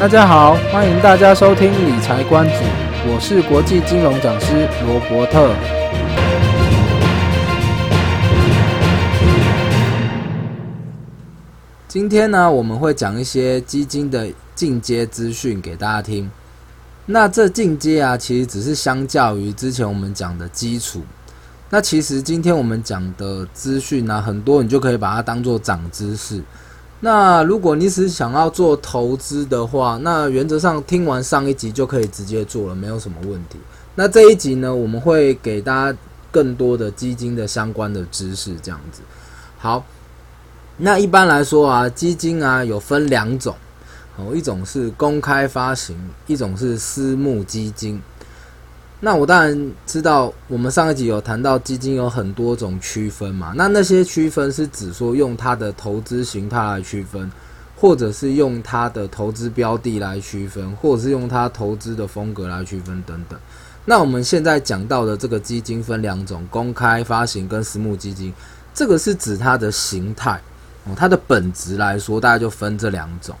大家好，歡迎大家收聽理財觀主，我是國際金融講師羅伯特。今天呢、啊，我們會講一些基金的進階資訊給大家聽。那這進階啊，其實只是相較於之前我們講的基礎。那其實今天我們講的資訊呢，很多你就可以把它當做漲知識。那如果你只想要做投資的話，那原則上聽完上一集就可以直接做了，沒有什麼問題。那這一集呢，我們會給大家更多的基金的相關的知識，這樣子。好，那一般來說啊，基金啊有分兩種，哦，一種是公開發行，一種是私募基金。那我當然知道，我們上一集有談到基金有很多種區分嘛。那那些區分是指說用它的投資形態來區分，或者是用它的投資標的來區分，或者是用它投資的風格來區分等等。那我們現在講到的這個基金分兩種：公開發行跟私募基金。這個是指它的形態哦，它的本質來說大概就分這兩種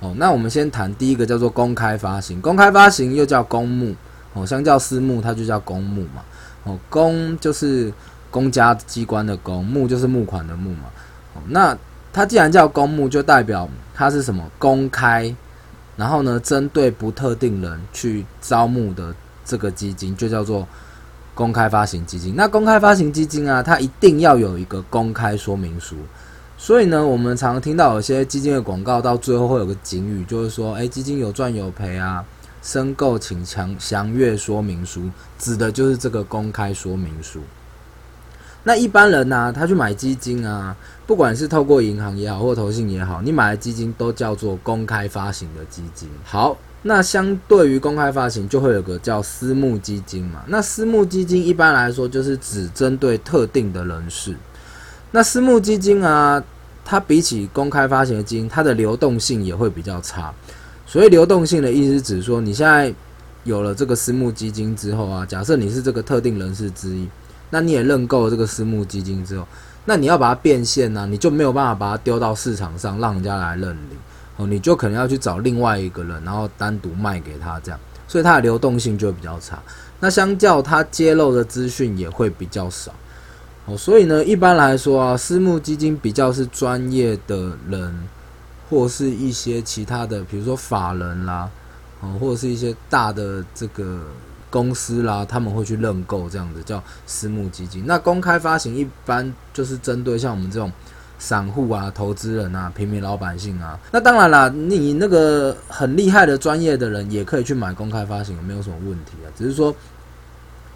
哦。那我們先談第一個叫做公開發行，公開發行又叫公募。好、哦、相較私募，它就叫公募嘛。哦，公就是公家機關的公，募就是募款的募嘛。哦，那它既然叫公募，就代表它是什麼公開，然後呢，針對不特定人去招募的這個基金，就叫做公開發行基金。那公開發行基金啊，它一定要有一個公開說明書。所以呢，我們常聽到有些基金的廣告到最後會有個警語，就是說，誒、欸，基金有賺有賠啊。申購前請詳閱說明書，指的就是這個公開說明書。那一般人呢、啊，他去買基金啊，不管是透過銀行也好，或投信也好，你買的基金都叫做公開發行的基金。好，那相對於公開發行，就會有個叫私募基金嘛。那私募基金一般來說就是只針對特定的人士。那私募基金啊，它比起公開發行的基金，它的流動性也會比較差。所以，流動性的意思是指說，你現在有了這個私募基金之後啊，假設你是這個特定人士之一，那你也認購了這個私募基金之後，那你要把它變現呢，啊，你就沒有辦法把它丟到市場上讓人家來認領哦，你就可能要去找另外一個人，然後單獨賣給他這樣，所以它的流動性就會比較差。那相較它揭露的資訊也會比較少哦，所以呢，一般來說啊，私募基金比較是專業的人。或者是一些其他的，比如說法人啦，嗯，或者是一些大的這個公司啦，他們會去認購這樣子叫私募基金。那公開發行一般就是針對像我們這種散戶啊、投資人啊、平民老百姓啊。那當然啦，你那個很厲害的專業的人也可以去買公開發行，有沒有什麼問題啊？只是說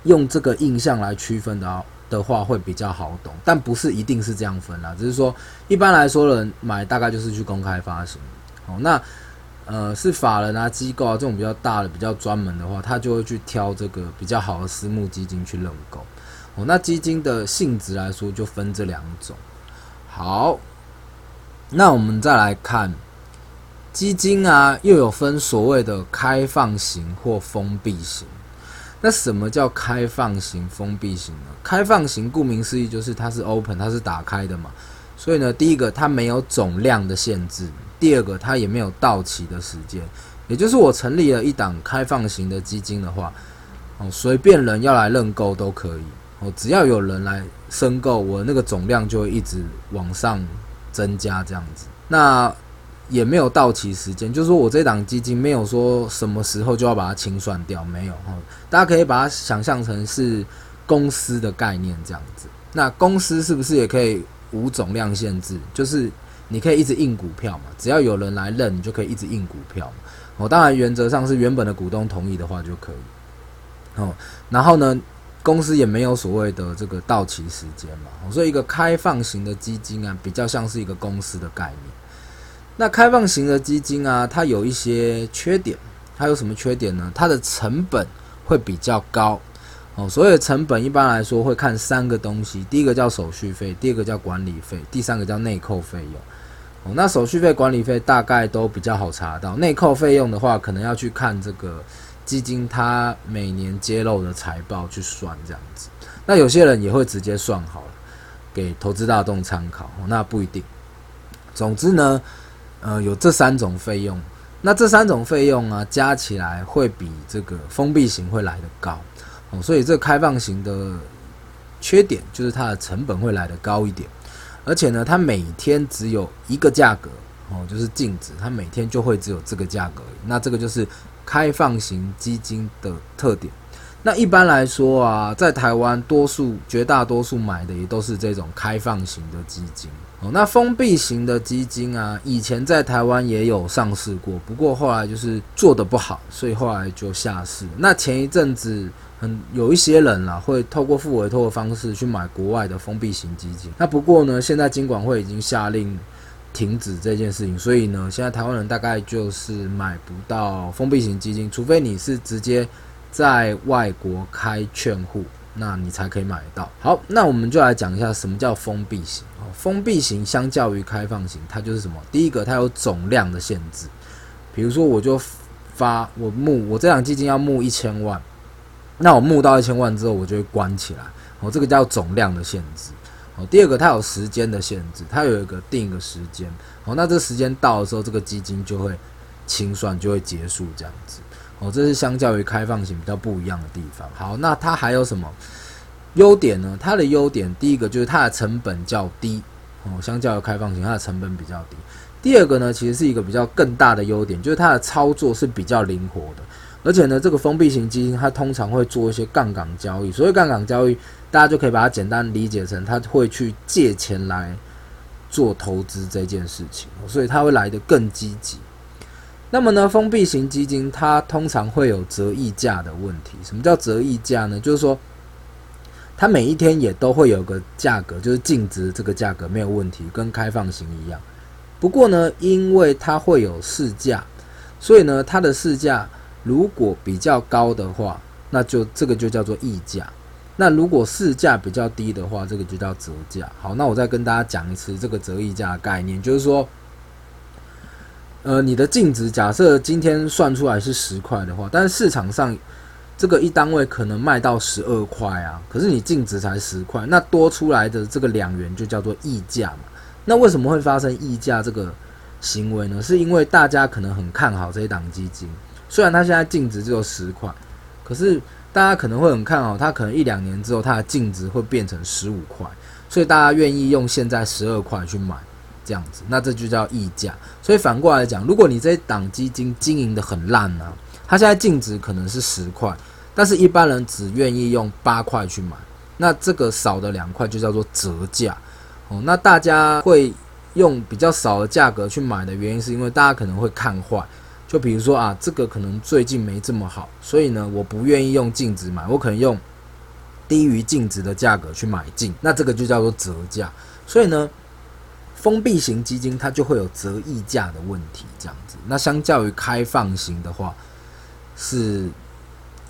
用這個印象來區分的啊。的話會比較好懂，但不是一定是這樣分啦。只是說，一般來說，人買大概就是去公開發行。哦，那呃是法人啊、機構啊這種比較大的、比較專門的話，他就會去挑這個比較好的私募基金去認購。哦，那基金的性質來說，就分這兩種。好，那我們再來看基金啊，又有分所謂的開放型或封閉型。那什麼叫開放型、封閉型呢？開放型顧名思義就是它是 open，它是打開的嘛。所以呢，第一個它沒有總量的限制，第二個它也沒有到期的時間。也就是我成立了一檔開放型的基金的話，哦，隨便人要來認購都可以，哦，只要有人來申購，我那個總量就會一直往上增加這樣子。那也沒有到期時間，就是說我這檔基金沒有說什麼時候就要把它清算掉，沒有哈，哦。大家可以把它想象成是公司的概念這樣子。那公司是不是也可以無總量限制？就是你可以一直印股票嘛，只要有人來認，你就可以一直印股票嘛。哦，當然原則上是原本的股東同意的話就可以。哦，然後呢，公司也沒有所謂的這個到期時間嘛，哦。所以一個開放型的基金啊，比較像是一個公司的概念。那開放型的基金啊，它有一些缺點，它有什麼缺點呢？它的成本會比較高，哦，所以成本一般來說會看三個東西，第一個叫手續費，第二個叫管理費，第三個叫內扣費用，哦，那手續費、管理費大概都比較好查到，內扣費用的話，可能要去看這個基金它每年揭露的財報去算這樣子。那有些人也會直接算好了給投資大眾參考，哦，那不一定。總之呢。呃，有這三種費用，那這三種費用啊，加起來會比這個封閉型會來得高哦，所以這開放型的缺點就是它的成本會來得高一點，而且呢，它每天只有一個價格哦，就是淨值它每天就會只有這個價格。那這個就是開放型基金的特點。那一般來說啊，在台灣，多數絕大多數買的也都是這種開放型的基金。那封閉型的基金啊，以前在台灣也有上市過，不過後來就是做得不好，所以後來就下市。那前一陣子，很有一些人啦、啊，會透過複委託的方式去買國外的封閉型基金。那不過呢，現在金管會已經下令停止這件事情，所以呢，現在台灣人大概就是買不到封閉型基金，除非你是直接在外國開券戶。那你才可以買得到。好，那我們就來講一下什麼叫封閉型。封閉型相較於開放型，它就是什麼？第一個，它有總量的限制，比如說我就發我募我這檔基金要募一千萬，那我募到一千萬之後，我就會關起來，好，這個叫總量的限制。好，第二個，它有時間的限制，它有一個定一個時間，好，那這時間到的時候，這個基金就會清算，就會結束這樣子。哦，這是相較於開放型比較不一樣的地方。好，那它還有什麼優點呢？它的優點，第一個就是它的成本較低，哦，相較於開放型，它的成本比較低。第二個呢，其實是一個比較更大的優點，就是它的操作是比較靈活的。而且呢，這個封閉型基金它通常會做一些槓桿交易。所謂槓桿交易，大家就可以把它簡單理解成，它會去借錢來做投資這件事情，所以它會來得更積極。那麼呢，封閉型基金它通常會有折溢價的問題。什麼叫折溢價呢？就是說，它每一天也都會有個價格，就是淨值這個價格沒有問題，跟開放型一樣。不過呢，因為它會有市價，所以呢，它的市價如果比較高的話，那就這個就叫做溢價。那如果市價比較低的話，這個就叫折價。好，那我再跟大家講一次這個折溢價的概念，就是說。呃，你的淨值假設今天算出來是十塊的話，但是市場上這個一單位可能賣到十二塊啊，可是你淨值才十塊，那多出來的這個兩元就叫做溢價嘛。那為什麼會發生溢價這個行為呢？是因為大家可能很看好這一檔基金，雖然它現在淨值只有十塊，可是大家可能會很看好它，可能一兩年之後它的淨值會變成十五塊，所以大家願意用現在十二塊去買。這樣子，那這就叫溢價。所以反過來講，如果你這些檔基金經營得很爛呢、啊，它現在淨值可能是十塊，但是一般人只願意用八塊去買，那這個少的兩塊就叫做折價。哦，那大家會用比較少的價格去買的原因，是因為大家可能會看壞，就比如說啊，這個可能最近沒這麼好，所以呢，我不願意用淨值買，我可能用低於淨值的價格去買進，那這個就叫做折價。所以呢。封閉型基金它就會有折溢價的問題，這樣子。那相較於開放型的話，是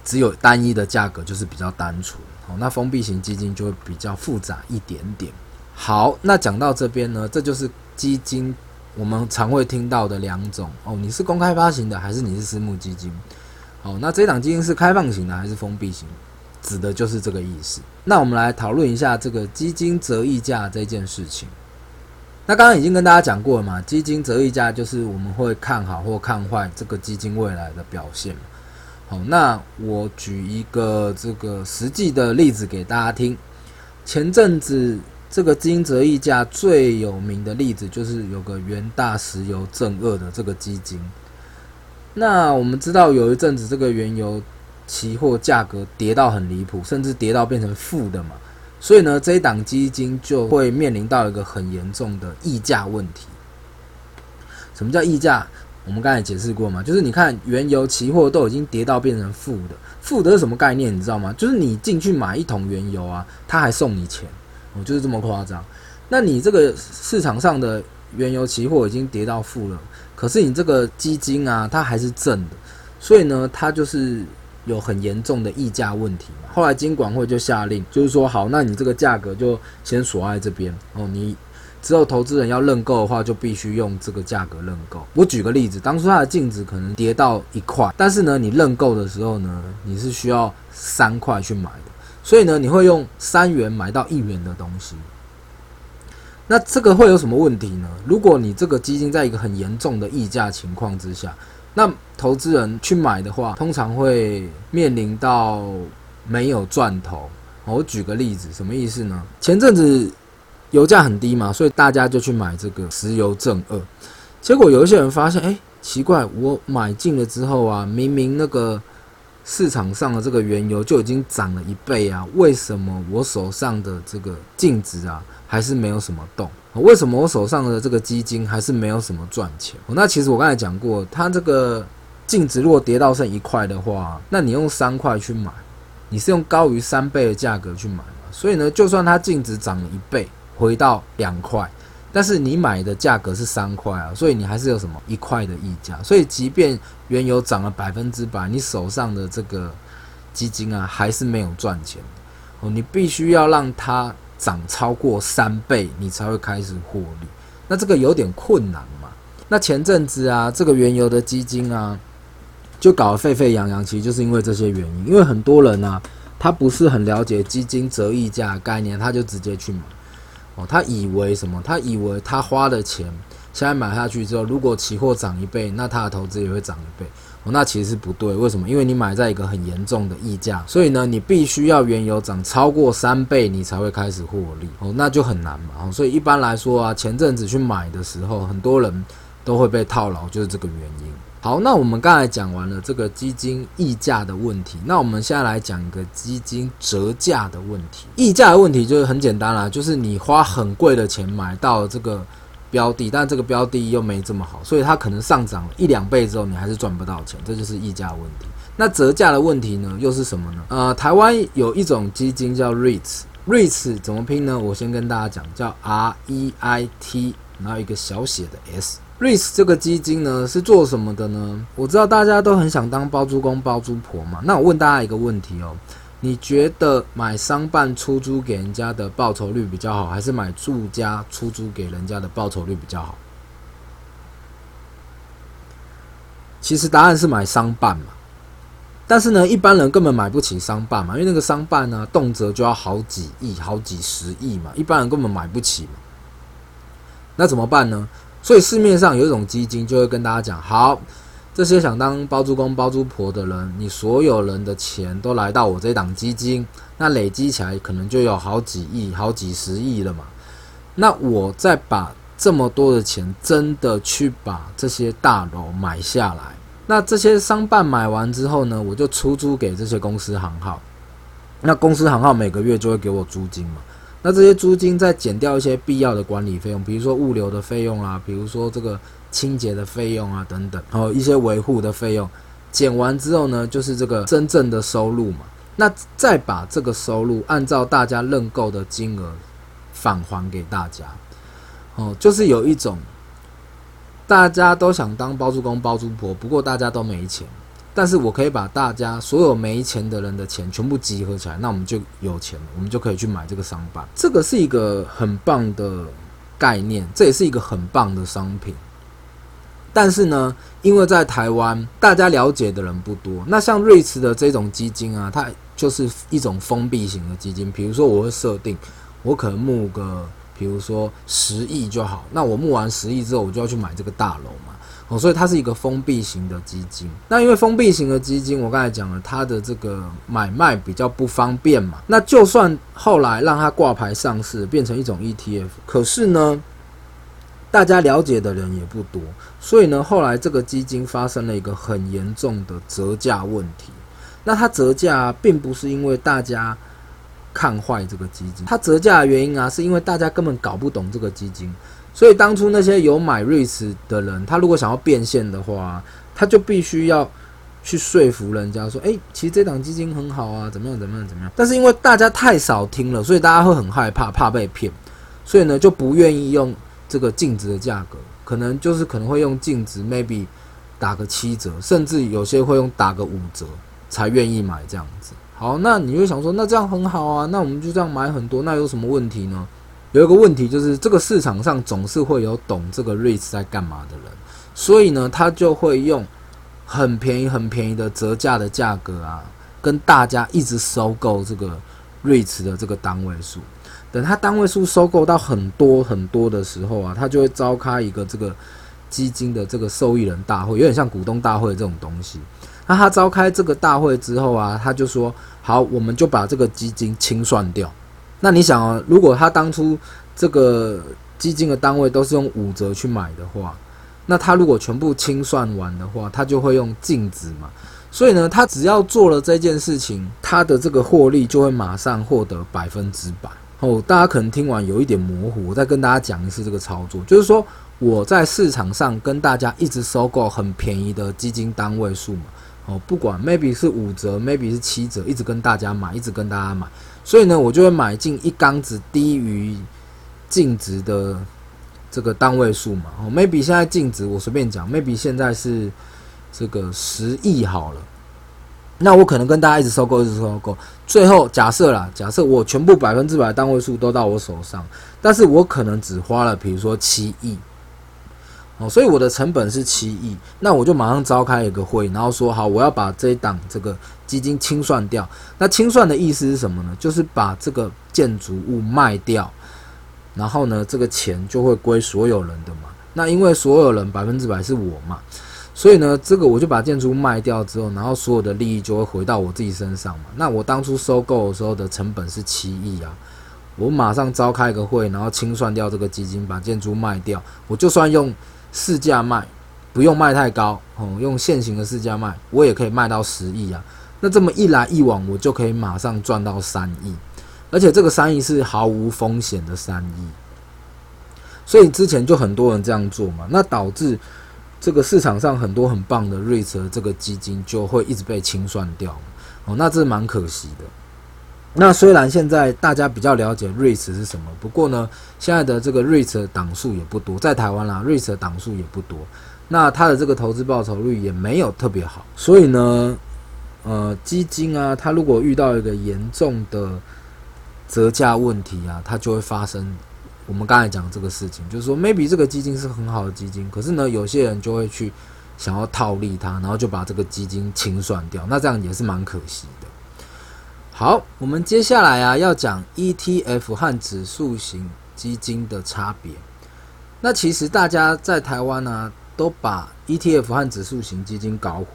只有單一的價格，就是比較單純。好，那封閉型基金就會比較複雜一點點。好，那講到這邊呢，這就是基金我們常會聽到的兩種哦。你是公開發行的，還是你是私募基金？好，那這檔基金是開放型的還是封閉型？指的就是這個意思。那我們來討論一下這個基金折溢價這件事情。那剛剛已經跟大家講過了嘛，基金折溢價就是我們會看好或看壞這個基金未來的表現。好，那我舉一個這個實際的例子給大家聽。前陣子這個基金折溢價最有名的例子就是有個元大石油正二的這個基金。那我們知道有一陣子這個原油期貨價格跌到很離譜，甚至跌到變成負的嘛。所以呢，這一檔基金就會面臨到一個很嚴重的溢價問題。什麼叫溢價？我們剛才解釋過嘛，就是你看原油期貨都已經跌到變成負的，負的是什麼概念？你知道嗎？就是你進去買一桶原油啊，他還送你錢，我、哦、就是這麼誇張。那你這個市場上的原油期貨已經跌到負了，可是你這個基金啊，它還是正的，所以呢，它就是。有很嚴重的溢價問題嘛。後來金管會就下令，就是說好，那你這個價格就先鎖在這邊哦。你之後投資人要認購的話，就必須用這個價格認購。我舉個例子，當初它的淨值可能跌到一塊，但是呢，你認購的時候呢，你是需要三塊去買的，所以呢，你會用三元買到一元的東西。那這個會有什麼問題呢？如果你這個基金在一個很嚴重的溢價情況之下。那投資人去買的話，通常會面臨到沒有賺頭。我舉個例子，什麼意思呢？前陣子油價很低嘛，所以大家就去買這個石油正二，結果有一些人發現，哎、欸，奇怪，我買進了之後啊，明明那個市場上的這個原油就已經漲了一倍啊，為什麼我手上的這個淨值啊還是沒有什麼動？為什麼我手上的這個基金還是沒有什麼賺錢？那其實我剛才講過，它這個淨值如果跌到剩一塊的話，那你用三塊去買，你是用高於三倍的價格去買嘛？所以呢，就算它淨值漲了一倍，回到兩塊，但是你買的價格是三塊啊，所以你還是有什麼一塊的溢價。所以即便原油漲了百分之百，你手上的這個基金啊還是沒有賺錢。哦，你必須要讓它。漲超過三倍，你才會開始獲利。那這個有點困難嘛？那前陣子啊，這個原油的基金啊，就搞得沸沸揚揚，其實就是因為這些原因。因為很多人呢、啊，他不是很了解基金折溢價概念，他就直接去買。哦，他以為什麼？他以為他花的錢現在買下去之後，如果期貨漲一倍，那它的投資也會漲一倍。哦，那其實是不對。為什麼？因為你買在一個很嚴重的溢價，所以呢，你必須要原油漲超過三倍，你才會開始獲利。哦，那就很難嘛。哦，所以一般來說啊，前陣子去買的時候，很多人都會被套牢，就是這個原因。好，那我們剛才講完了這個基金溢價的問題，那我們現在來講一個基金折價的問題。溢價的問題就是很簡單啦，啊，就是你花很貴的錢買到了這個。標的，但這個標的又沒這麼好，所以它可能上漲了一兩倍之後，你還是賺不到錢，這就是溢價問題。那折價的問題呢，又是什麼呢？呃，台灣有一種基金叫 Reits，Reits 怎麼拼呢？我先跟大家講，叫 R E I T，然後一個小寫的 S。Reits 這個基金呢，是做什麼的呢？我知道大家都很想當包租公、包租婆嘛，那我問大家一個問題哦。你覺得買商辦出租給人家的報酬率比較好，還是買住家出租給人家的報酬率比較好？其實答案是買商辦嘛，但是呢，一般人根本買不起商辦嘛，因為那個商辦呢，動輒就要好幾億、好幾十億嘛，一般人根本買不起嘛。那怎麼辦呢？所以市面上有一種基金就會跟大家講，好。這些想當包租公包租婆的人，你所有人的錢都來到我這檔基金，那累積起來可能就有好幾億、好幾十億了嘛。那我再把這麼多的錢真的去把這些大樓買下來，那這些商辦買完之後呢，我就出租給這些公司行號。那公司行號每個月就會給我租金嘛。那這些租金再減掉一些必要的管理費用，比如說物流的費用啊，比如說這個。清潔的費用啊，等等，還、哦、有一些維護的費用，減完之後呢，就是這個真正的收入嘛。那再把這個收入按照大家認購的金額返還給大家。哦，就是有一種大家都想當包租公包租婆，不過大家都沒錢。但是我可以把大家所有沒錢的人的錢全部集合起來，那我們就有錢了，我們就可以去買這個商辦。這個是一個很棒的概念，這也是一個很棒的商品。但是呢，因為在台灣，大家了解的人不多。那像瑞馳的這種基金啊，它就是一種封閉型的基金。比如說，我會設定，我可能募個，比如說十億就好。那我募完十億之後，我就要去買這個大樓嘛。哦，所以它是一個封閉型的基金。那因為封閉型的基金，我剛才講了，它的這個買賣比較不方便嘛。那就算後來讓它掛牌上市，變成一種 ETF，可是呢，大家了解的人也不多，所以呢，後來這個基金發生了一個很嚴重的折價問題。那它折價並不是因為大家看壞這個基金，它折價的原因啊，是因為大家根本搞不懂這個基金。所以當初那些有買 REITs 的人，他如果想要變現的話，他就必須要去說服人家說：“誒、欸，其實這檔基金很好啊，怎麼樣，怎麼樣，怎麼樣。”但是因為大家太少聽了，所以大家會很害怕，怕被騙，所以呢，就不願意用。這個淨值的價格，可能就是可能會用淨值，maybe 打個七折，甚至有些會用打個五折才願意買這樣子。好，那你就想說，那這樣很好啊，那我們就這樣買很多，那有什麼問題呢？有一個問題就是，這個市場上總是會有懂這個瑞 h 在幹嘛的人，所以呢，他就會用很便宜、很便宜的折價的價格啊，跟大家一直收購這個瑞 h 的這個單位數。等他單位數收購到很多很多的時候啊，他就會召開一個這個基金的這個受益人大會，有點像股東大會這種東西。那他召開這個大會之後啊，他就說：“好，我們就把這個基金清算掉。”那你想啊，如果他當初這個基金的單位都是用五折去買的話，那他如果全部清算完的話，他就會用淨值嘛。所以呢，他只要做了這件事情，他的這個獲利就會馬上獲得百分之百。哦，大家可能聽完有一點模糊，我再跟大家講一次這個操作，就是說我在市場上跟大家一直收購很便宜的基金單位數嘛，哦，不管 maybe 是五折，maybe 是七折，一直跟大家買，一直跟大家買，所以呢，我就會買進一缸子低於淨值的這個單位數嘛，哦，maybe 現在淨值我隨便講，maybe 現在是這個十億好了。那我可能跟大家一直收購，一直收購，最後假設啦，假設我全部百分之百的單位數都到我手上，但是我可能只花了，比如說七億，哦，所以我的成本是七億，那我就馬上召開一個會議，然後說好，我要把這一檔這個基金清算掉。那清算的意思是什麼呢？就是把這個建築物賣掉，然後呢，這個錢就會歸所有人的嘛。那因為所有人百分之百是我嘛。所以呢，這個我就把建築賣掉之後，然後所有的利益就會回到我自己身上嘛。那我當初收購的時候的成本是七億啊，我馬上召開個會，然後清算掉這個基金，把建築賣掉。我就算用市價賣，不用賣太高哦，嗯，用現行的市價賣，我也可以賣到十億啊。那這麼一來一往，我就可以馬上賺到三億，而且這個三億是毫無風險的三億。所以之前就很多人這樣做嘛，那導致。這個市場上很多很棒的瑞慈這個基金就會一直被清算掉，哦，那這是蠻可惜的。那雖然現在大家比較了解瑞慈是什麼，不過呢，現在的這個瑞慈的檔數也不多，在台灣啦，啊，瑞慈的檔數也不多。那它的這個投資報酬率也沒有特別好，所以呢，呃，基金啊，它如果遇到一個嚴重的折價問題啊，它就會發生，我們剛才講的這個事情，就是說，maybe 這個基金是很好的基金，可是呢，有些人就會去想要套利它，然後就把這個基金清算掉，那這樣也是蠻可惜的。好，我們接下來啊要講 ETF 和指數型基金的差別。那其實大家在台灣呢、啊，都把 ETF 和指數型基金搞混。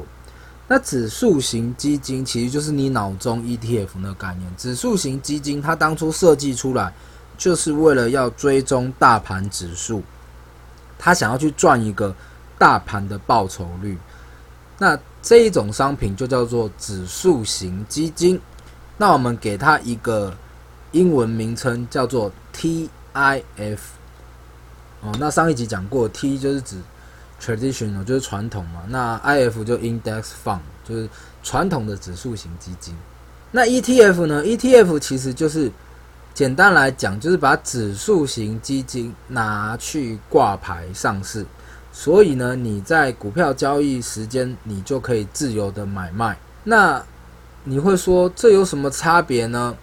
那指數型基金其實就是你腦中 ETF 那個概念。指數型基金它當初設計出來，就是為了要追蹤大盤指數，他想要去賺一個大盤的報酬率。那這一種商品就叫做指數型基金。那我們給它一個英文名稱叫做 TIF。哦,那上一集講過，T 就是指 traditional，就是傳統嘛。那 IF 就 index fund，就是傳統的指數型基金。那 ETF 呢？ETF 其實就是簡單來講，就是把指數型基金拿去掛牌上市，所以呢，你在股票交易時間，你就可以自由的買賣。那你會說，這有什麼差別呢？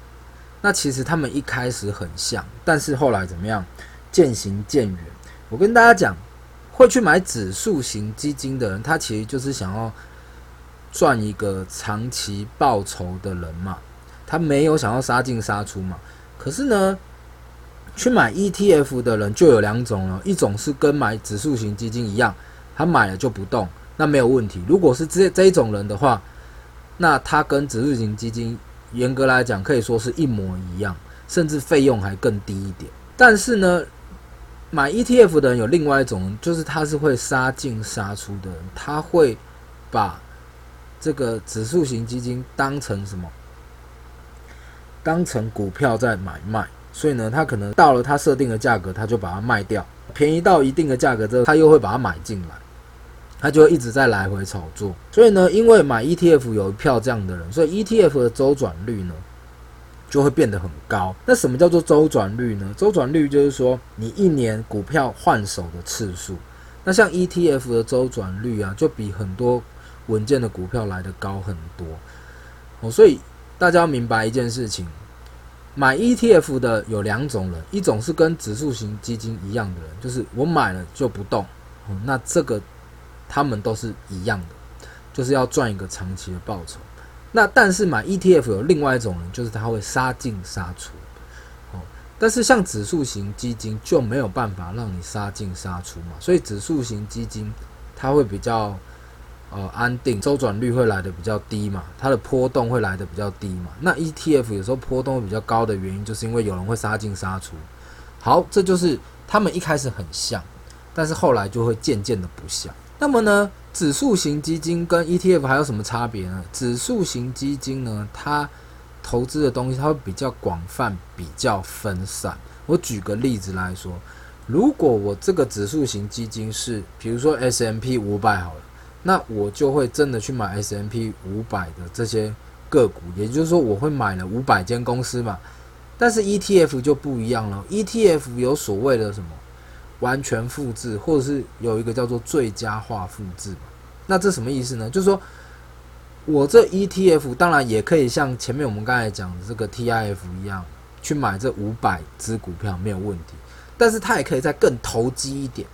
那其實他們一開始很像，但是後來怎麼樣，漸行漸遠。我跟大家講，會去買指數型基金的人，他其實就是想要賺一個長期報酬的人嘛，他沒有想要殺進殺出嘛。可是呢，去買 ETF 的人就有兩種了，一種是跟買指數型基金一樣，他買了就不動，那沒有問題。如果是這這一種人的話，那他跟指數型基金嚴格來講可以說是一模一樣，甚至費用還更低一點。但是呢，買 ETF 的人有另外一種，就是他是會殺進殺出的人，他會把這個指數型基金當成什麼？當成股票在買賣，所以呢，他可能到了他設定的價格，他就把它賣掉；便宜到一定的價格之後，他又會把它買進來，他就一直在來回炒作。所以呢，因為買 ETF 有一票這樣的人，所以 ETF 的週轉率呢就會變得很高。那什麼叫做週轉率呢？週轉率就是說你一年股票換手的次數。那像 ETF 的週轉率啊，就比很多穩健的股票來得高很多。哦，所以。大家要明白一件事情，買 ETF 的有兩種人，一種是跟指數型基金一樣的人，就是我買了就不動，嗯、那這個他們都是一樣的，就是要賺一個長期的報酬。那但是買 ETF 有另外一種人，就是他會殺進殺出，嗯，但是像指數型基金就沒有辦法讓你殺進殺出嘛，所以指數型基金它會比較。呃，安定周轉率會來得比較低嘛，它的波動會來得比較低嘛。那 ETF 有時候波動會比較高的原因，就是因為有人會殺進殺出。好，這就是他們一開始很像，但是後來就會漸漸的不像。那麼呢，指數型基金跟 ETF 還有什麼差別呢？指數型基金呢，它投資的東西它會比較廣泛，比較分散。我舉個例子來說，如果我這個指數型基金是，比如說 S&P 500好了。那我就會真的去買 S&P 五百的這些個股，也就是說我會買了五百間公司嘛。但是 E T F 就不一樣了，E T F 有所謂的什麼完全複製，或者是有一個叫做最佳化複製。那這什麼意思呢？就是說我這 E T F 當然也可以像前面我們剛才講的這個 T I F 一樣去買這五百隻股票沒有問題，但是它也可以再更投機一點。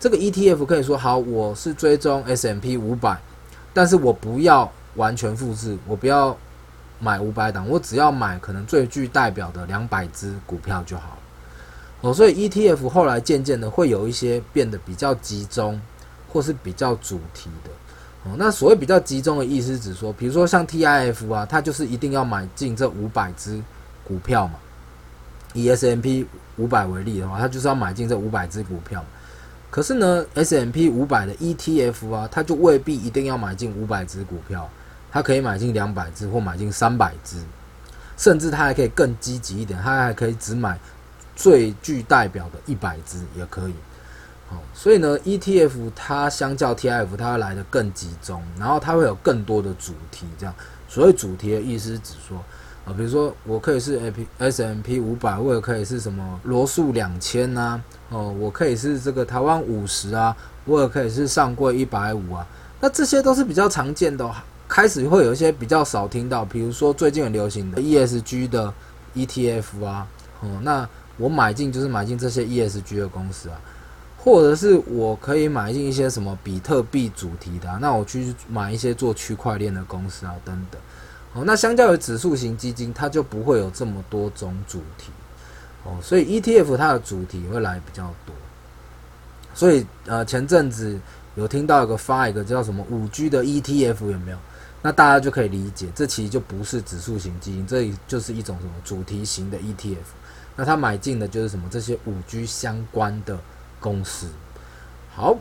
這個 ETF 可以說好，我是追蹤 S&P 五百，500, 但是我不要完全複製，我不要買五百檔，我只要買可能最具代表的兩百隻股票就好了。哦，所以 ETF 後來漸漸的會有一些變得比較集中，或是比較主題的。哦，那所謂比較集中的意思，是指說，比如說像 TIF 啊，它就是一定要買進這五百隻股票嘛。以 S&P 五百為例的話，它就是要買進這五百隻股票嘛。可是呢，S M P 五百的 E T F 啊，它就未必一定要買進五百只股票，它可以買進兩百只或買進三百只，甚至它還可以更積極一點，它還可以只買最具代表的一百只也可以。好、哦，所以呢，E T F 它相較 TIF 它會來的更集中，然後它會有更多的主題這樣。所謂主題的意思是，只說啊，比如說我可以是 AP, S P S M P 五百，我也可以是什麼羅素兩千吶。哦，我可以是這個台灣五十啊，我也可以是上櫃一百五啊，那這些都是比較常見的哦，開始會有一些比較少聽到，比如說最近很流行的 ESG 的 ETF 啊，哦，那我買進就是買進這些 ESG 的公司啊，或者是我可以買進一些什麼比特幣主題的啊，那我去買一些做區塊鏈的公司啊，等等。哦，那相較於指數型基金，它就不會有這麼多種主題。哦，所以 ETF 它的主題會來比較多，所以呃前陣子有聽到有個發一個叫什麼五 G 的 ETF 有沒有？那大家就可以理解，這其實就不是指數型基金，這就是一種什麼主題型的 ETF。那它買進的就是什麼這些五 G 相關的公司。好，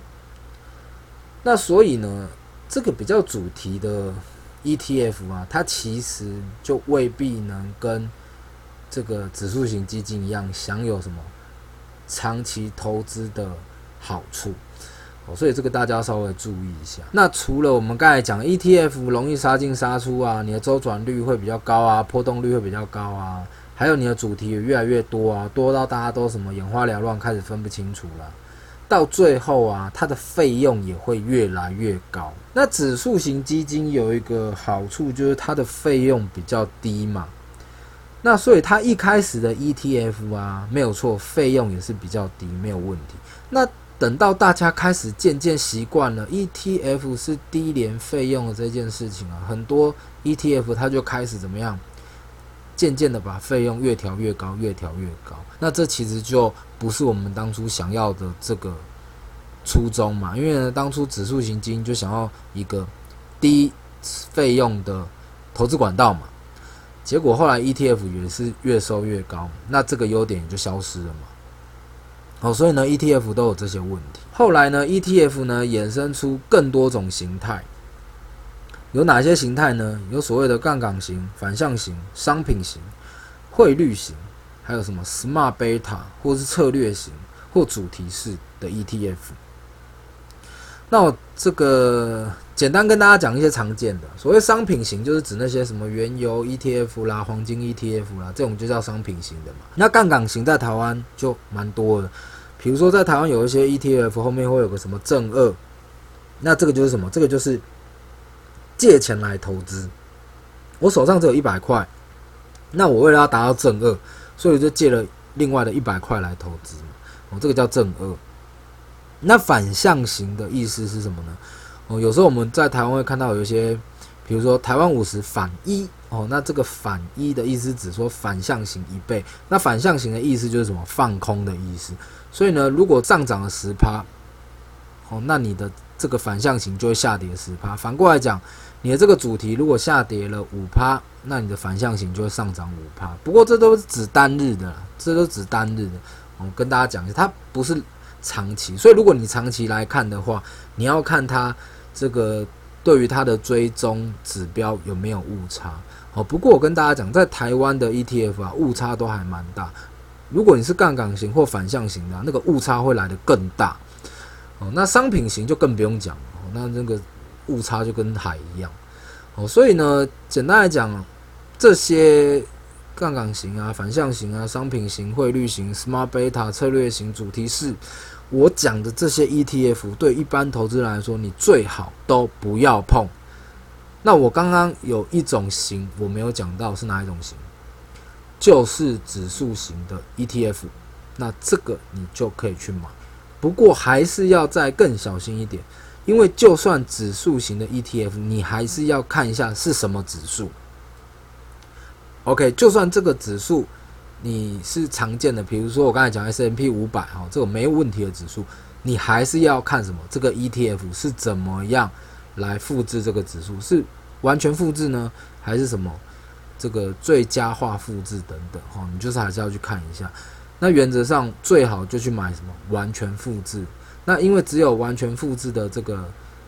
那所以呢，這個比較主題的 ETF 啊，它其實就未必能跟這個指數型基金一樣，享有什麼長期投資的好處？哦，所以這個大家稍微注意一下。那除了我們剛才講 ETF 容易殺進殺出啊，你的周轉率會比較高啊，波動率會比較高啊，還有你的主題也越來越多啊，多到大家都什麼眼花繚亂，開始分不清楚了。到最後啊，它的費用也會越來越高。那指數型基金有一個好處，就是它的費用比較低嘛。那所以它一開始的 ETF 啊，沒有錯，費用也是比較低，沒有問題。那等到大家開始漸漸習慣了 ETF 是低廉費用的這件事情啊，很多 ETF 它就開始怎麼樣，漸漸的把費用越調越高，越調越高。那這其實就不是我們當初想要的這個初衷嘛，因為呢，當初指數型基金就想要一個低費用的投資管道嘛。結果後來 ETF 也是越收越高，那這個優點也就消失了嘛。哦，所以呢，ETF 都有這些問題。後來呢，ETF 呢衍生出更多種形態。有哪些形態呢？有所謂的槓桿型、反向型、商品型、匯率型，還有什麼 Smart Beta，或是策略型或主題式的 ETF。那我這個。簡單跟大家講一些常見的，所謂商品型就是指那些什麼原油 ETF 啦、黃金 ETF 啦，這種就叫商品型的嘛。那槓桿型在台灣就蠻多的，比如說在台灣有一些 ETF 後面會有個什麼正二，那這個就是什麼？這個就是借錢來投資。我手上只有一百塊，那我為了要達到正二，所以就借了另外的一百塊來投資嘛。哦，這個叫正二。那反向型的意思是什麼呢？哦，有時候我們在台灣會看到有一些，比如說台灣五十反一哦，那這個反一的意思是指說反向型一倍，那反向型的意思就是什麼？放空的意思，所以呢，如果上漲了十趴，哦，那你的這個反向型就會下跌十趴。反過來講，你的這個主題如果下跌了五趴，那你的反向型就會上漲五趴。不過這都是指單日的啦，這都是指單日的。我、哦、跟大家講一下，它不是長期，所以如果你長期來看的話，你要看它。這個對於它的追蹤指標有沒有誤差？哦，不過我跟大家講，在台灣的 ETF 啊，誤差都還蠻大。如果你是槓桿型或反向型的，啊，那個誤差會來得更大。哦，那商品型就更不用講了，那那個誤差就跟海一樣。哦，所以呢，簡單來講，這些槓桿型啊、反向型啊、商品型、匯率型、Smart Beta 策略型、主題式。我講的這些 ETF 對一般投資人來說，你最好都不要碰。那我剛剛有一種型我沒有講到是哪一種型，就是指數型的 ETF。那這個你就可以去買，不過還是要再更小心一點，因為就算指數型的 ETF，你還是要看一下是什麼指數。OK，就算這個指數。你是常見的，比如說我剛才講 S&P 五百哈，這個沒有問題的指數，你還是要看什麼這個 E T F 是怎麼樣來複製這個指數，是完全複製呢，還是什麼這個最佳化複製等等哈，你就是還是要去看一下。那原則上最好就去買什麼完全複製。那因為只有完全複製的這個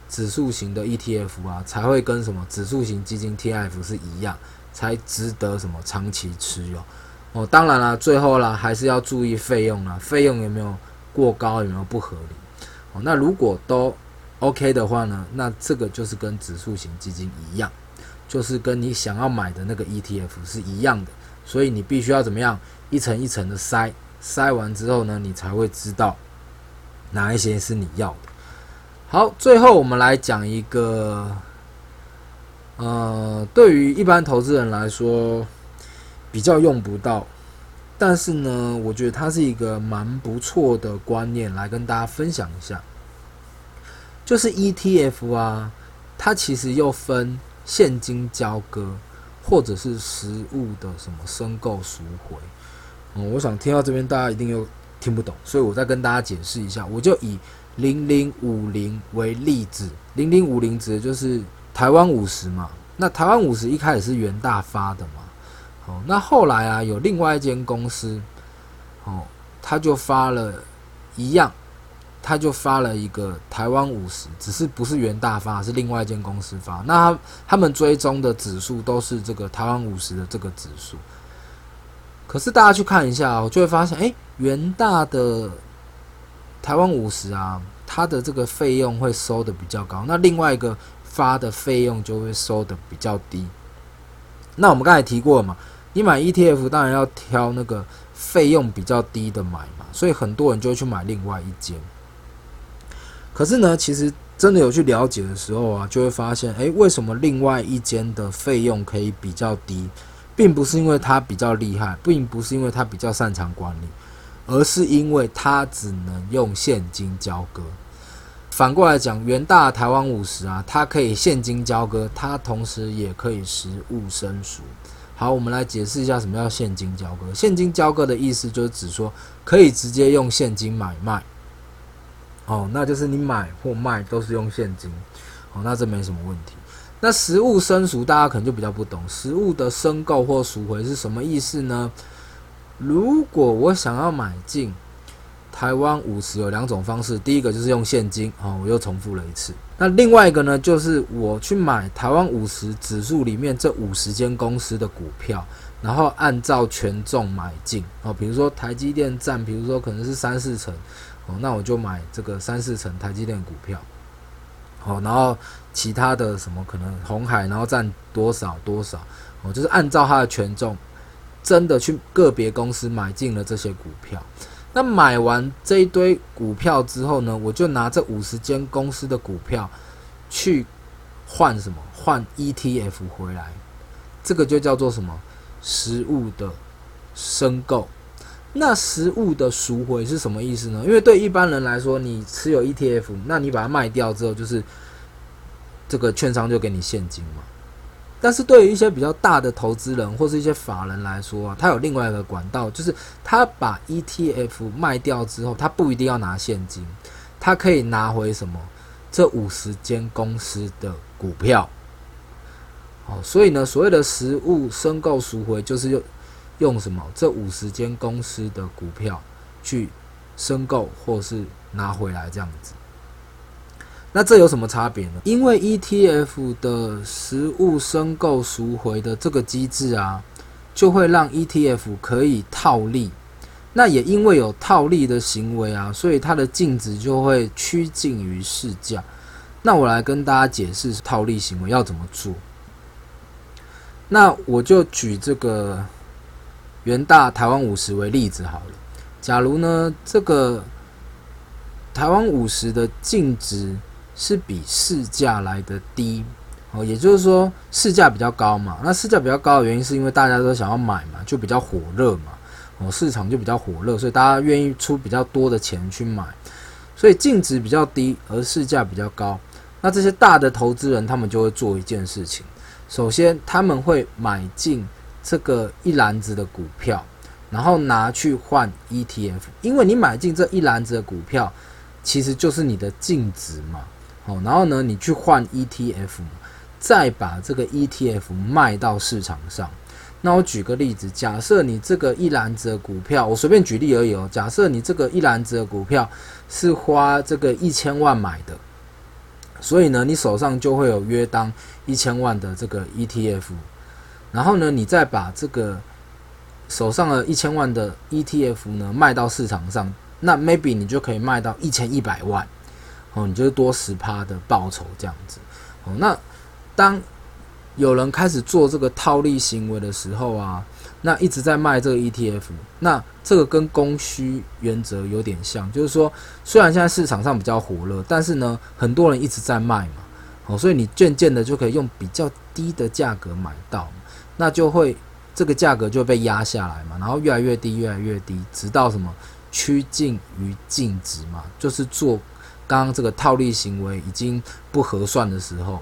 指數型的 E T F 啊，才會跟什麼指數型基金 TIF 是一樣，才值得什麼長期持有。哦，當然了，最後啦，還是要注意費用啦，費用有沒有過高，有沒有不合理。哦，那如果都 OK 的話呢，那這個就是跟指數型基金一樣，就是跟你想要買的那個 ETF 是一樣的，所以你必須要怎麼樣一層一層的篩，篩完之後呢，你才會知道哪一些是你要的。好，最後我們來講一個，呃，對於一般投資人來說。比較用不到，但是呢，我覺得它是一個蠻不錯的觀念來跟大家分享一下，就是 ETF 啊，它其實又分現金交割或者是實物的什麼申購贖回。嗯，我想聽到這邊大家一定又聽不懂，所以我再跟大家解釋一下，我就以零零五零為例子，零零五零指的就是台灣五十嘛，那台灣五十一開始是元大發的嘛。哦，那後來啊，有另外一間公司，哦，他就發了一樣，他就發了一個台灣五十，只是不是元大發，是另外一間公司發。那他他們追蹤的指數都是這個台灣五十的這個指數。可是大家去看一下，喔，我就會發現，哎、欸，元大的台灣五十啊，它的這個費用會收的比較高，那另外一個發的費用就會收的比較低。那我們剛才提過了嘛。你買 ETF 當然要挑那個費用比較低的買嘛，所以很多人就會去買另外一間。可是呢，其實真的有去了解的時候啊，就會發現，誒，為什麼另外一間的費用可以比較低，並不是因為它比較厲害，並不是因為它比較擅長管理，而是因為它只能用現金交割。反過來講，元大的台灣五十啊，它可以現金交割，它同時也可以實物申贖。好，我們來解釋一下什麼叫現金交割。現金交割的意思就是指說，可以直接用現金買賣。哦，那就是你買或賣都是用現金。好，哦，那這沒什麼問題。那實物申贖大家可能就比較不懂，實物的申購或贖回是什麼意思呢？如果我想要買進。台灣五十有兩種方式，第一個就是用現金啊、哦，我又重複了一次。那另外一個呢，就是我去買台灣五十指數裡面這五十間公司的股票，然後按照權重買進哦。比如說台積電占，比如說可能是三四成哦，那我就買這個三四成台積電的股票哦。然後其他的什麼可能鴻海，然後占多少多少哦，就是按照它的權重，真的去個別公司買進了這些股票。那買完這一堆股票之後呢，我就拿這五十間公司的股票去換什麼？換 ETF 回來，這個就叫做什麼？實物的申購。那實物的贖回是什麼意思呢？因為對一般人來說，你持有 ETF，那你把它賣掉之後，就是這個券商就給你現金嘛。但是對於一些比較大的投資人或是一些法人來說啊，他有另外一個管道，就是他把 ETF 賣掉之後，他不一定要拿現金，他可以拿回什麼？這五十間公司的股票。好、哦，所以呢，所謂的實物申購贖回，就是用用什麼？這五十間公司的股票去申購或是拿回來這樣子。那這有什麼差別呢？因為 ETF 的實物申購贖回的這個機制啊，就會讓 ETF 可以套利。那也因為有套利的行為啊，所以它的淨值就會趨近於市價。那我來跟大家解釋套利行為要怎麼做。那我就舉這個元大台灣五十為例子好了。假如呢，這個台灣五十的淨值。是比市價來的低哦，也就是說市價比較高嘛。那市價比較高的原因是因為大家都想要買嘛，就比較火熱嘛，哦，市場就比較火熱，所以大家願意出比較多的錢去買，所以淨值比較低，而市價比較高。那這些大的投資人他們就會做一件事情，首先他們會買進這個一籃子的股票，然後拿去換 ETF，因為你買進這一籃子的股票，其實就是你的淨值嘛。然後呢，你去換 ETF，再把這個 ETF 賣到市場上。那我舉個例子，假設你這個一籃子的股票，我隨便舉例而已哦。假設你這個一籃子的股票是花這個一千萬買的，所以呢，你手上就會有約當一千萬的這個 ETF。然後呢，你再把這個手上的一千萬的 ETF 呢賣到市場上，那 maybe 你就可以賣到一千一百萬。哦，你就是多十趴的報酬這樣子。哦，那當有人開始做這個套利行為的時候啊，那一直在賣這個 ETF，那這個跟供需原則有點像，就是說雖然現在市場上比較火熱，但是呢，很多人一直在賣嘛，哦，所以你漸漸的就可以用比較低的價格買到，那就會這個價格就會被壓下來嘛，然後越來越低，越來越低，直到什麼趨近於淨值嘛，就是做。當這個套利行為已經不合算的時候，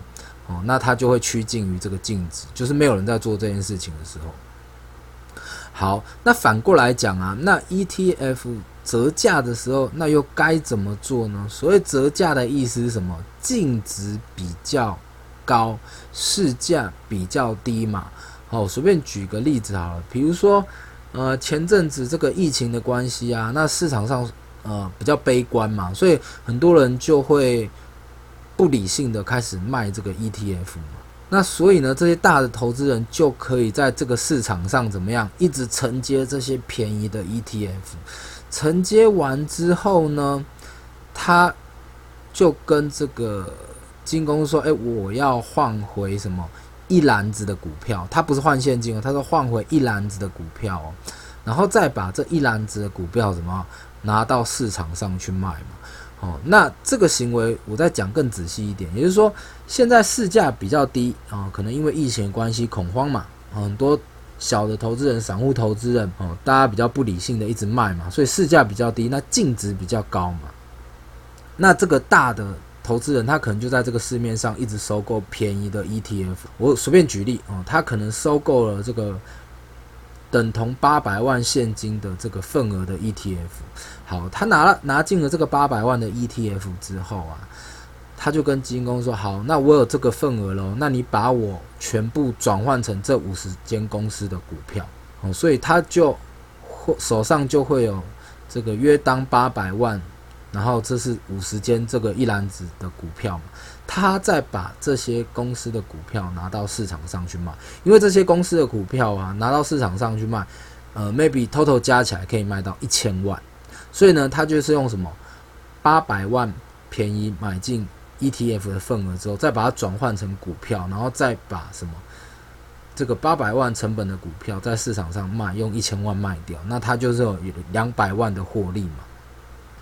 哦，那它就會趨近於這個淨值，就是沒有人在做這件事情的時候。好，那反過來講啊，那 ETF 折價的時候，那又該怎麼做呢？所謂折價的意思是什麼？淨值比較高，市價比較低嘛。好、哦，隨便舉個例子好了，比如說，呃，前陣子這個疫情的關係啊，那市場上。呃，比較悲觀嘛，所以很多人就會不理性的開始賣這個 ETF 嘛。那所以呢，這些大的投資人就可以在這個市場上怎麼樣，一直承接這些便宜的 ETF。承接完之後呢，他就跟這個金工說：“哎、欸，我要換回什麼一籃子的股票，他不是換現金，他說換回一籃子的股票哦，然後再把這一籃子的股票什麼，”拿到市場上去賣嘛，哦，那這個行為我再講更仔細一點，也就是說，現在市價比較低啊，哦，可能因為疫情的關係恐慌嘛，很多小的投資人、散戶投資人哦，大家比較不理性的一直賣嘛，所以市價比較低，那淨值比較高嘛。那這個大的投資人他可能就在這個市面上一直收購便宜的 ETF，我隨便舉例啊，哦，他可能收購了這個。等同八百萬現金的這個份額的 ETF，好，他拿了拿進了這個八百萬的 ETF 之後啊，他就跟基金公司說：“好，那我有這個份額嘍，那你把我全部轉換成這五十間公司的股票。”好，所以他就會手上就會有這個約當八百萬。然後這是五十間這個一籃子的股票嘛，他再把這些公司的股票拿到市場上去賣，因為這些公司的股票啊拿到市場上去賣，呃 maybe total 加起來可以賣到一千萬，所以呢他就是用什麼八百萬便宜買進 ETF 的份額之後，再把它轉換成股票，然後再把什麼這個八百萬成本的股票在市場上賣，用一千萬賣掉，那他就是有兩百萬的獲利嘛。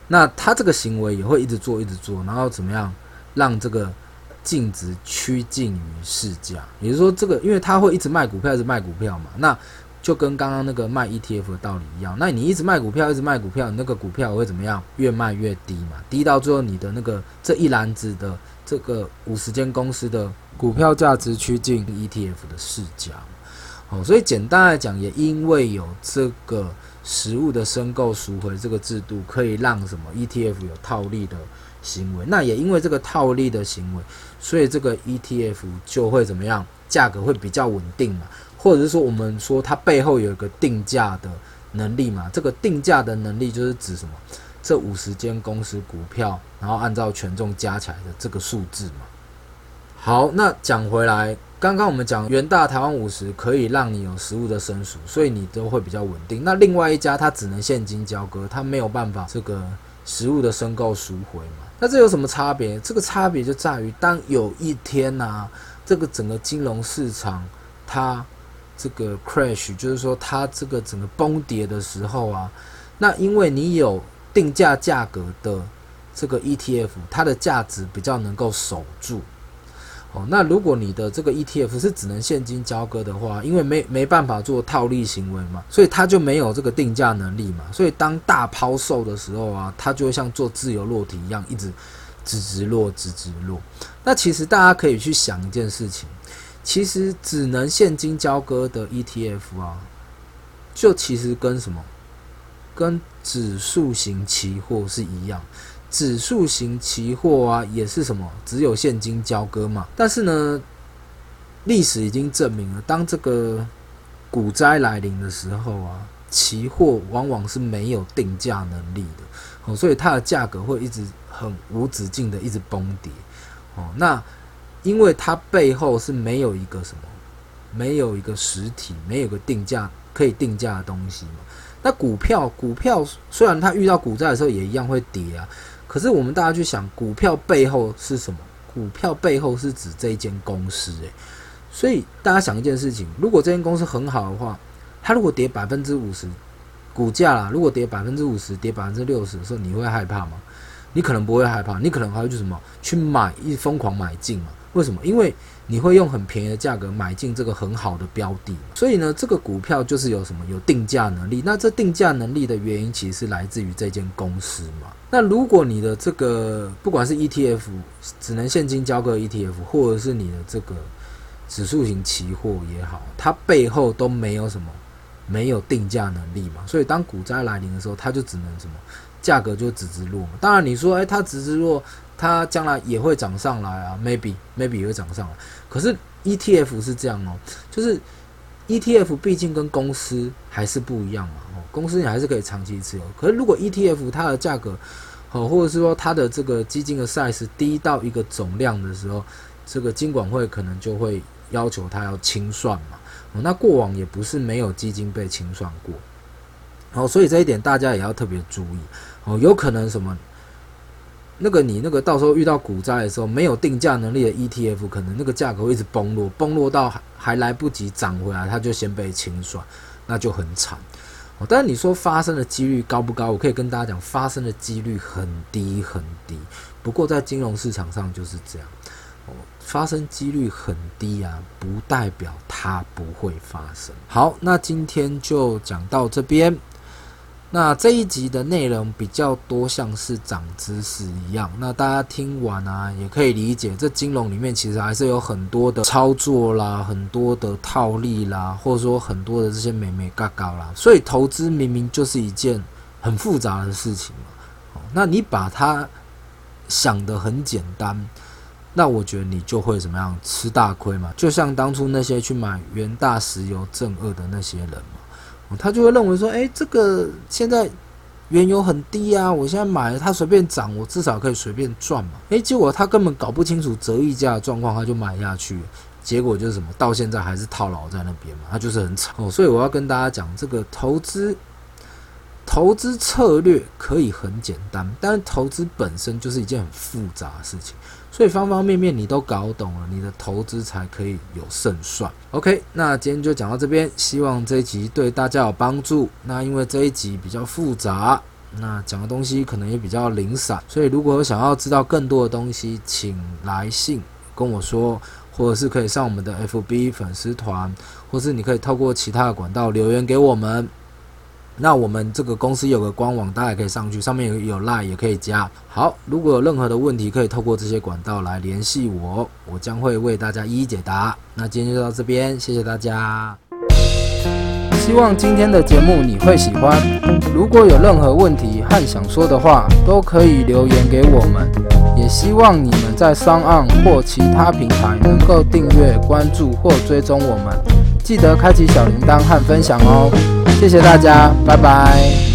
那他這個行為也會一直做，一直做，然後怎麼樣讓這個淨值趨近於市價？也就是說，這個因為他會一直賣股票，一直賣股票嘛，那就跟剛剛那個賣 ETF 的道理一樣。那你一直賣股票，一直賣股票，你那個股票會怎麼樣？越賣越低嘛，低到最後，你的那個這一籃子的這個五十間公司的股票價值趨近於 ETF 的市價。哦，所以簡單來講，也因為有這個。實物的申購贖回這個制度可以讓什麼 ETF 有套利的行為？那也因為這個套利的行為，所以這個 ETF 就會怎麼樣？價格會比較穩定嘛？或者是說我們說它背後有一個定價的能力嘛？這個定價的能力就是指什麼？這五十間公司股票，然後按照權重加起來的這個數字嘛？好，那講回來。剛剛我們講元大台灣五十可以讓你有實物的申贖，所以你都會比較穩定。那另外一家它只能現金交割，它沒有辦法這個實物的申購贖回嘛？那這有什麼差別？這個差別就在於當有一天呢、啊，這個整個金融市場它這個 crash，就是說它這個整個崩跌的時候啊，那因為你有定價價格的這個 ETF，它的價值比較能夠守住。哦，那如果你的這個 ETF 是只能現金交割的話，因為沒沒辦法做套利行為嘛，所以它就沒有這個定價能力嘛，所以當大拋售的時候啊，它就會像做自由落體一樣，一直直直落，直直落。那其實大家可以去想一件事情，其實只能現金交割的 ETF 啊，就其實跟什麼？跟指數型期貨是一樣。指數型期貨啊，也是什麼？只有現金交割嘛。但是呢，歷史已經證明了，當這個股災來臨的時候啊，期貨往往是沒有定價能力的哦，所以它的價格會一直很無止境的一直崩跌哦。那因為它背後是沒有一個什麼，沒有一個實體，沒有一個定價可以定價的東西嘛。那股票，股票雖然它遇到股災的時候也一樣會跌啊。可是我們大家去想，股票背後是什麼？股票背後是指這一間公司，誒，所以大家想一件事情：如果這間公司很好的話，它如果跌百分之五十，股價啦，如果跌百分之五十，跌百分之六十的時候，你會害怕嗎？你可能不會害怕，你可能還會去什麼去買一瘋狂買進嘛？為什麼？因為。你會用很便宜的價格買進這個很好的標的，所以呢，這個股票就是有什麼有定價能力。那這定價能力的原因，其實是來自於這間公司嘛。那如果你的這個不管是 ETF，只能現金交割 ETF，或者是你的這個指數型期貨也好，它背後都沒有什麼沒有定價能力嘛。所以當股災來臨的時候，它就只能什麼價格就直直落。當然你說，誒，它直直落。它將來也會漲上來啊，maybe maybe 也會漲上來。可是 ETF 是這樣哦，就是 ETF 畢竟跟公司還是不一樣嘛。哦，公司你還是可以長期持有。可是如果 ETF 它的價格，哦，或者是說它的這個基金的 size 低到一個總量的時候，這個金管會可能就會要求它要清算嘛。哦，那過往也不是沒有基金被清算過。哦，所以這一點大家也要特別注意。哦，有可能什麼？那個你那個到時候遇到股災的時候，沒有定價能力的 ETF，可能那個價格會一直崩落，崩落到還、還來不及漲回來，它就先被清算，那就很慘。哦，但是你說發生的幾率高不高？我可以跟大家講，發生的幾率很低很低。不過在金融市場上就是這樣，哦，發生幾率很低啊，不代表它不會發生。好，那今天就講到這邊。那這一集的內容比較多，像是長知識一樣。那大家聽完啊，也可以理解，這金融裡面其實還是有很多的操作啦，很多的套利啦，或者說很多的這些眉眉角角啦。所以投資明明就是一件很複雜的事情嘛。哦，那你把它想得很簡單，那我覺得你就會怎麼樣？吃大虧嘛。就像當初那些去買元大石油正二的那些人嘛。哦、他就會認為說，哎、欸，這個現在原油很低啊，我現在買了，了它隨便漲，我至少可以隨便賺嘛。哎、欸，結果他根本搞不清楚折溢價狀況，他就買下去，結果就是什麼，到現在還是套牢在那邊嘛。他就是很慘、哦。所以我要跟大家講，這個投資投資策略可以很簡單，但是投資本身就是一件很複雜的事情。所以方方面面你都搞懂了，你的投資才可以有勝算。OK，那今天就講到這邊，希望這一集對大家有幫助。那因為這一集比較複雜，那講的東西可能也比較零散，所以如果想要知道更多的東西，請來信跟我說，或者是可以上我們的 FB 粉絲團，或是你可以透過其他的管道留言給我們。那我們這個公司有個官網，大家也可以上去，上面有有 LINE 也可以加。好，如果有任何的問題，可以透過這些管道來聯繫我，我將會為大家一一解答。那今天就到這邊，謝謝大家。希望今天的節目你會喜歡。如果有任何問題和想說的話，都可以留言給我們。也希望你們在 SoundOn 或其他平台能夠訂閱、關注或追蹤我們，記得開啟小鈴鐺和分享哦。謝謝大家，拜拜。